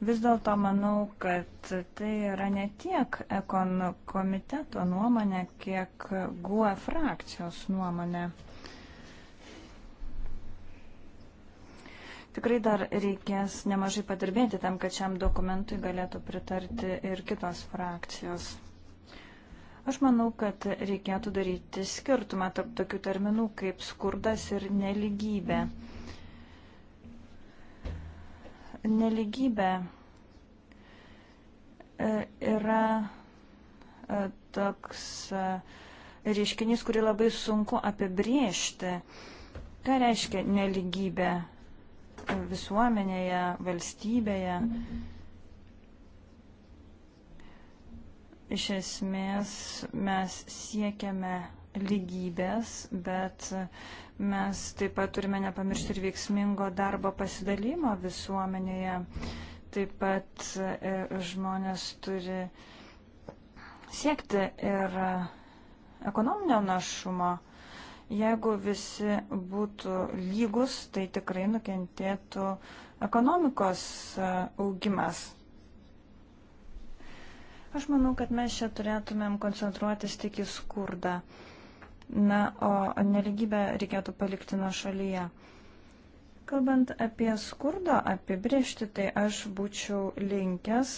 Vis dėlto manau, kad tai yra ne tiek ekon komiteto nuomonė, kiek GUE frakcijos nuomonė. Tikrai dar reikės nemažai padirbėti tam, kad šiam dokumentui galėtų pritarti ir kitos frakcijos. Aš manau, kad reikėtų daryti skirtumą tarp tokių terminų kaip skurdas ir neligybė. Neligybė e, yra e, toks e, reiškinys, kurį labai sunku apibriežti. Ką reiškia neligybė? visuomenėje, valstybėje. Iš esmės mes siekiame lygybės, bet mes taip pat turime nepamiršti ir veiksmingo darbo pasidalymo visuomenėje. Taip pat e, žmonės turi siekti ir ekonominio našumo. Jeigu visi būtų lygus, tai tikrai nukentėtų ekonomikos e, augimas. Aš manau, kad mes čia turėtumėm koncentruotis tik į skurdą. Na, o neligybę reikėtų palikti nuo šalyje. Kalbant apie skurdo apibriežti, tai aš būčiau linkęs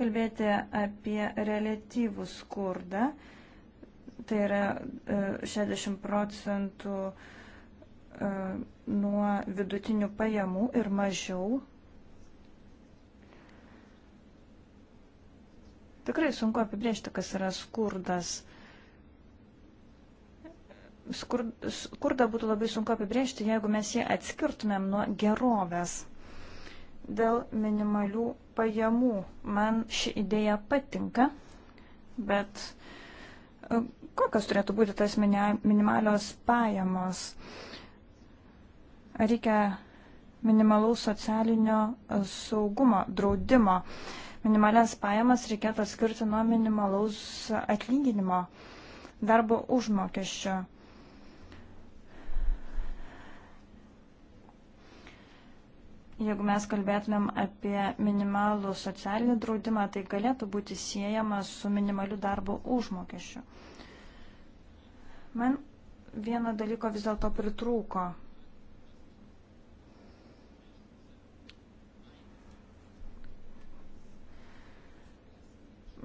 kalbėti apie relatyvų skurdą tai yra 60 e, procentų e, nuo vidutinių pajamų ir mažiau. Tikrai sunku apibriežti, kas yra skurdas. Skur, skurdą būtų labai sunku apibriežti, jeigu mes jį atskirtumėm nuo gerovės. Dėl minimalių pajamų man ši idėja patinka, bet e, kokios turėtų būti tas minimalios pajamos? Ar reikia minimalaus socialinio e, saugumo, draudimo? Minimalias pajamas reikėtų atskirti nuo minimalaus atlyginimo, darbo užmokesčio. Jeigu mes kalbėtumėm apie minimalų socialinį draudimą, tai galėtų būti siejama su minimaliu darbo užmokesčiu. Man vieno dalyko vis dėlto pritrūko.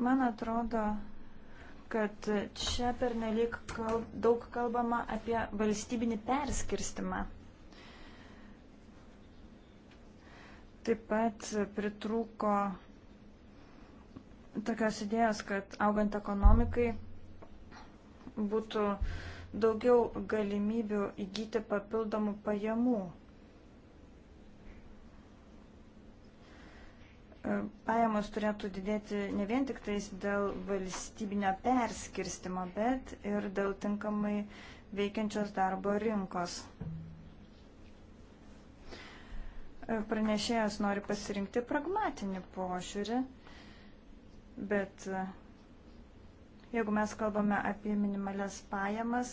Man atrodo, kad čia pernelyg kal, daug kalbama apie valstybinį perskirstimą. Taip pat pritrūko tokios idėjos, kad augant ekonomikai būtų daugiau galimybių įgyti papildomų pajamų. E, pajamos turėtų didėti ne vien tik tais dėl valstybinio perskirstimo, bet ir dėl tinkamai veikiančios darbo rinkos. E, pranešėjas nori pasirinkti pragmatinį požiūrį, bet Jeigu mes kalbame apie minimalias pajamas,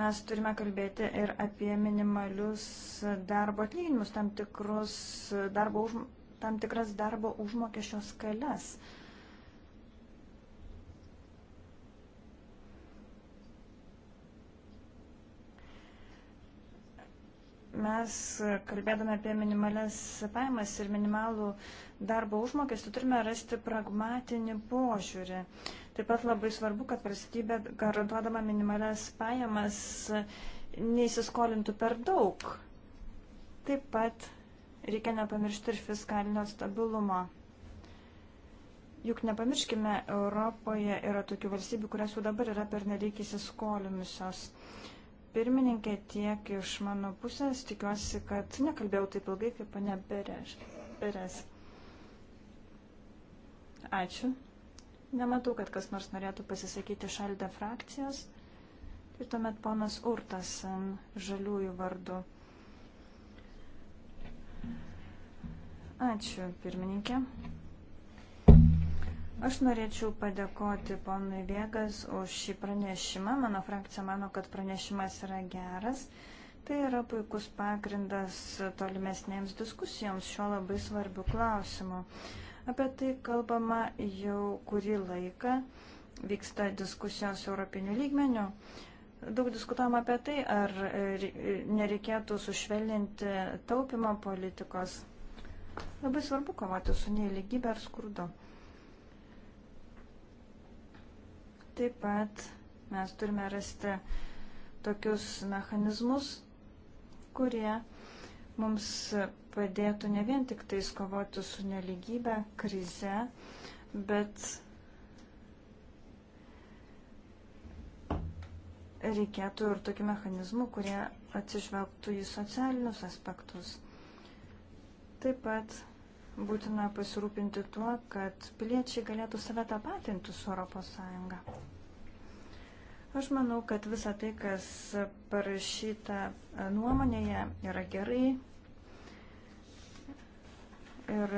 mes turime kalbėti ir apie minimalius darbo atlyginimus, tam, tikrus darbo už, tam tikras darbo užmokesčio skales. mes kalbėdami apie minimales pajamas ir minimalų darbo užmokestį turime rasti pragmatinį požiūrį. Taip pat labai svarbu, kad valstybė, garantuodama minimalias pajamas, neįsiskolintų per daug. Taip pat reikia nepamiršti ir fiskalinio stabilumo. Juk nepamirškime, Europoje yra tokių valstybių, kurias jau dabar yra pernelyg įsiskolinusios. Pirmininkė tiek iš mano pusės, tikiuosi, kad nekalbėjau taip ilgai kaip pane Beres. Ačiū. Nematau, kad kas nors norėtų pasisakyti šaldę frakcijos. Tai tuomet ponas Urtas žaliųjų vardu. Ačiū, pirmininkė. Aš norėčiau padėkoti ponui Viegas už šį pranešimą. Mano frakcija mano, kad pranešimas yra geras. Tai yra puikus pagrindas tolimesnėms diskusijoms šiuo labai svarbiu klausimu. Uh, Apie tai kalbama jau kurį laiką, vyksta diskusijos europinių lygmenių. Daug diskutavom apie tai, ar nereikėtų sušvelninti taupimo politikos. Labai svarbu kovoti su neįlygybė ar skurdu. Taip pat mes turime rasti tokius mechanizmus, kurie mums padėtų ne vien tik tais kovoti su neligybė, krize, bet reikėtų ir tokių mechanizmų, kurie atsižvelgtų į socialinius aspektus. Taip pat būtina pasirūpinti tuo, kad piliečiai galėtų save tapatinti su ES. Aš manau, kad visa tai, kas parašyta nuomonėje, yra gerai, Ir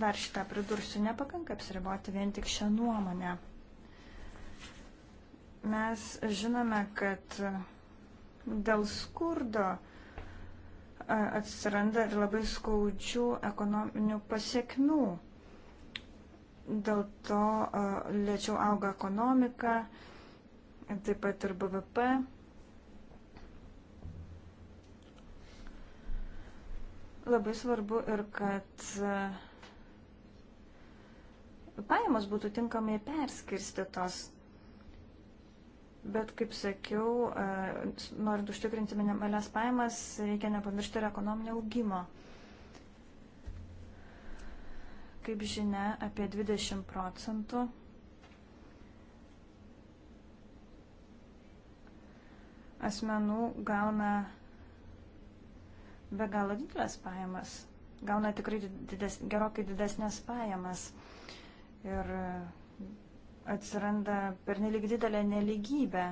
dar šitą pridursiu, nepakanka apsiriboti vien tik šią nuomonę. Mes žinome, kad dėl skurdo atsiranda ir labai skaudžių ekonominių pasiekmių. Dėl to lėčiau auga ekonomika, taip pat ir BVP. Labai svarbu ir kad e, pajamos būtų tinkamai perskirstytos. Bet, kaip sakiau, e, norint užtikrinti minimalias pajamas, reikia nepamiršti ir ekonominio augimo. Kaip žinia, apie 20 procentų asmenų gauna be galo didelės pajamas, gauna tikrai dides, gerokai didesnės pajamas. Ir e, atsiranda pernelyg didelė neligybė.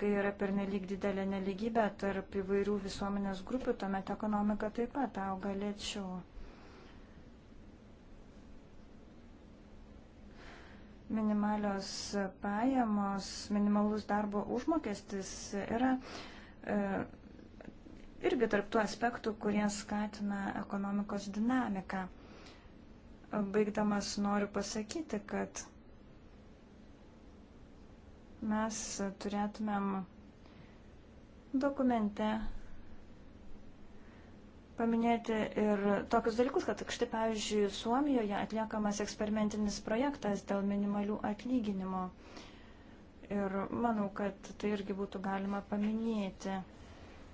Kai yra pernelyg didelė neligybė tarp įvairių visuomenės grupių, tuomet ekonomika taip pat auga lėčiau. Minimalios pajamos, minimalus darbo užmokestis yra e, irgi tarp tų aspektų, kurie skatina ekonomikos dinamiką. Baigdamas noriu pasakyti, kad mes turėtumėm dokumente paminėti ir tokius dalykus, kad štai, pavyzdžiui, Suomijoje atliekamas eksperimentinis projektas dėl minimalių atlyginimo. Ir manau, kad tai irgi būtų galima paminėti.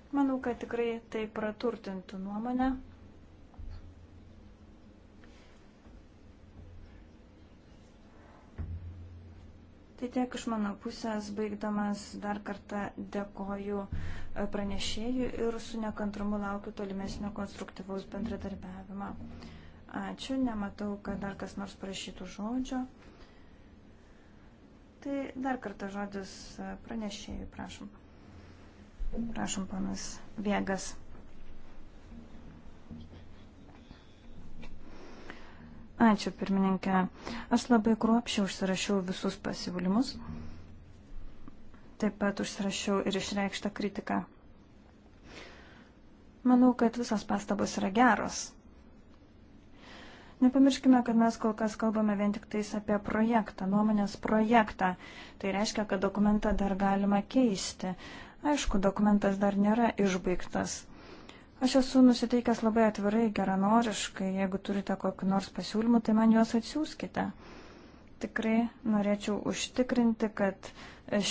Manau, kad tikrai tai praturtintų nuomonę. Tai tiek iš mano pusės, baigdamas dar kartą dėkoju e, pranešėjui ir su nekantrumu laukiu tolimesnio konstruktyvaus bendradarbiavimo. Ačiū, nematau, kad dar kas nors prašytų žodžio. Tai dar kartą žodis e, pranešėjui, prašom. Prašom, panas Viegas. Ačiū, pirmininkė. Aš labai kruopšiai užsirašiau visus pasiūlymus. Taip pat užsirašiau ir išreikštą kritiką. Manau, kad visos pastabos yra geros. Nepamirškime, kad mes kol kas kalbame vien tik tais apie projektą, nuomonės projektą. Tai reiškia, kad dokumentą dar galima keisti. Aišku, dokumentas dar nėra išbaigtas. Aš esu nusiteikęs labai atvirai, geranoriškai. Jeigu turite kokį nors pasiūlymų, tai man juos atsiųskite. Tikrai norėčiau užtikrinti, kad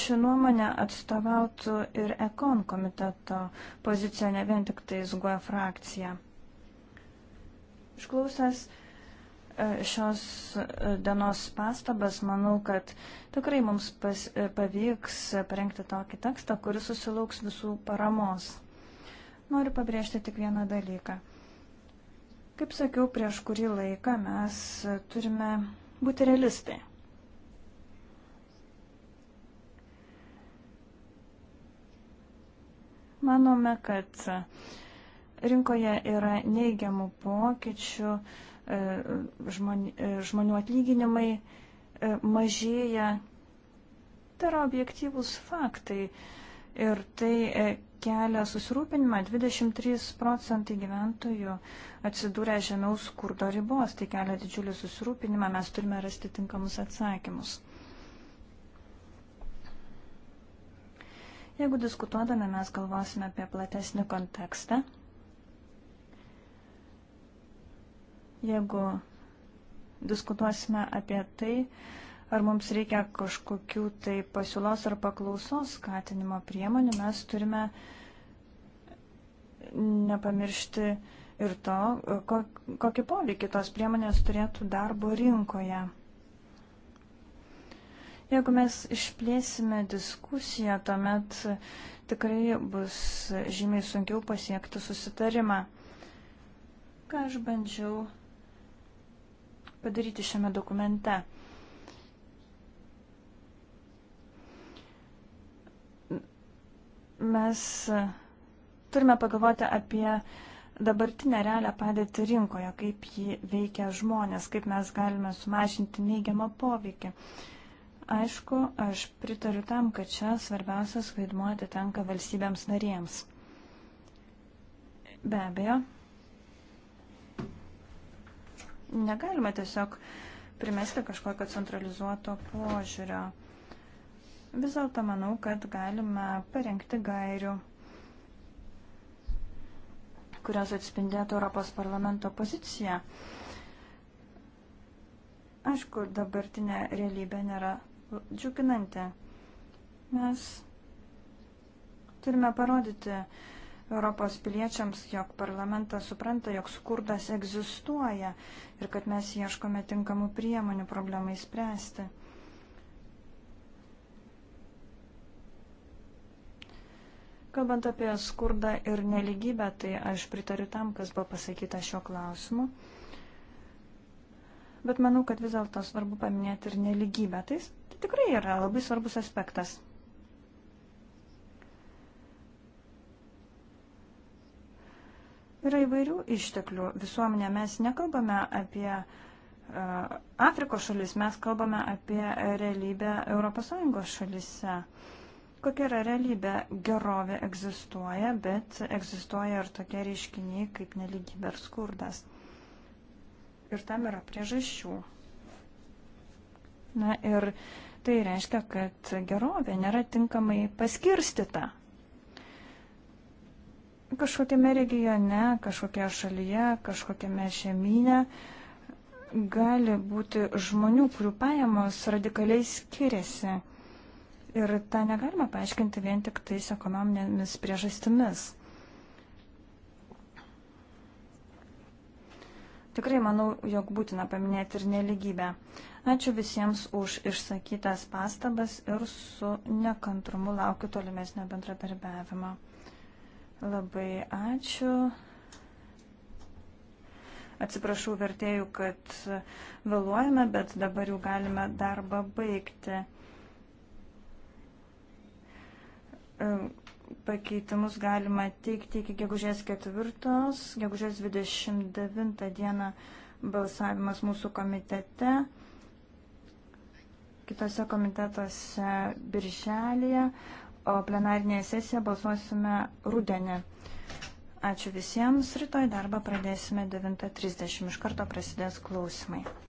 ši nuomonė atstovautų ir ekon komiteto poziciją, ne vien tik tai zguoja e frakcija. Išklausęs E, šios e, dienos pastabas, manau, kad tikrai mums pas, e, pavyks parengti tokį tekstą, kuris susilauks visų paramos. Noriu pabrėžti tik vieną dalyką. Kaip sakiau, prieš kurį laiką mes turime būti realistai. Manome, kad rinkoje yra neigiamų pokyčių, uh, E, e, žmonių atlyginimai e, mažėja. Tai yra objektyvūs faktai ir tai kelia susirūpinimą. 23 procentai gyventojų atsidūrė žemiau skurdo ribos, tai kelia didžiulį susirūpinimą, mes turime rasti tinkamus atsakymus. Jeigu diskutuodami mes galvosime apie platesnį kontekstą, Jeigu diskutuosime apie tai, ar mums reikia kažkokių tai pasiūlos ar paklausos skatinimo priemonių, mes turime nepamiršti ir to, kokį poveikį tos priemonės turėtų darbo rinkoje. Jeigu mes išplėsime diskusiją, tuomet tikrai bus žymiai sunkiau pasiekti susitarimą. Ką aš bandžiau padaryti šiame dokumente. Mes turime pagalvoti apie dabartinę realią padėtį rinkoje, kaip ji veikia žmonės, kaip mes galime sumažinti neigiamą poveikį. Aišku, aš pritariu tam, kad čia svarbiausias vaidmuo atitenka valstybėms narėms. Be abejo, Negalime tiesiog primesti kažkokio centralizuoto požiūrio. Vis dėlto manau, kad galime parengti gairių, kurios atspindėtų Europos parlamento poziciją. Aišku, dabartinė realybė nėra džiuginanti. Mes turime parodyti, Europos piliečiams, jog parlamentas supranta, jog skurdas egzistuoja ir kad mes ieškome tinkamų priemonių problemai spręsti. Kalbant apie skurdą ir neligybę, tai aš pritariu tam, kas buvo pasakyta šiuo klausimu. Bet manau, kad vis dėlto svarbu paminėti ir neligybę. Tai, tai tikrai yra labai svarbus aspektas. Yra įvairių išteklių visuomenė. Mes nekalbame apie e, Afrikos šalis, mes kalbame apie realybę ES šalise. Kokia yra realybė? Gerovė egzistuoja, bet egzistuoja ir tokie reiškiniai kaip neligybė ir skurdas. Ir tam yra priežasčių. Na ir tai reiškia, kad gerovė nėra tinkamai paskirstita kažkokiame regione, kažkokia šalyje, kažkokiame žemynė gali būti žmonių, kurių pajamos radikaliai skiriasi. Ir tą negalima paaiškinti vien tik tais ekonominėmis priežastimis. Tikrai manau, jog būtina paminėti ir neligybę. Ačiū visiems už išsakytas pastabas ir su nekantrumu laukiu tolimesnio bendradarbiavimo. Labai ačiū. Atsiprašau vertėjų, kad vėluojame, bet dabar jau galime darbą baigti. E, pakeitimus galima teikti iki gegužės 4, gegužės 29 dieną balsavimas mūsų komitete, kitose komitetuose birželėje, o plenarinėje sesijoje balsuosime rudenį. Ačiū visiems, rytoj darbą pradėsime 9.30, iš karto prasidės klausimai.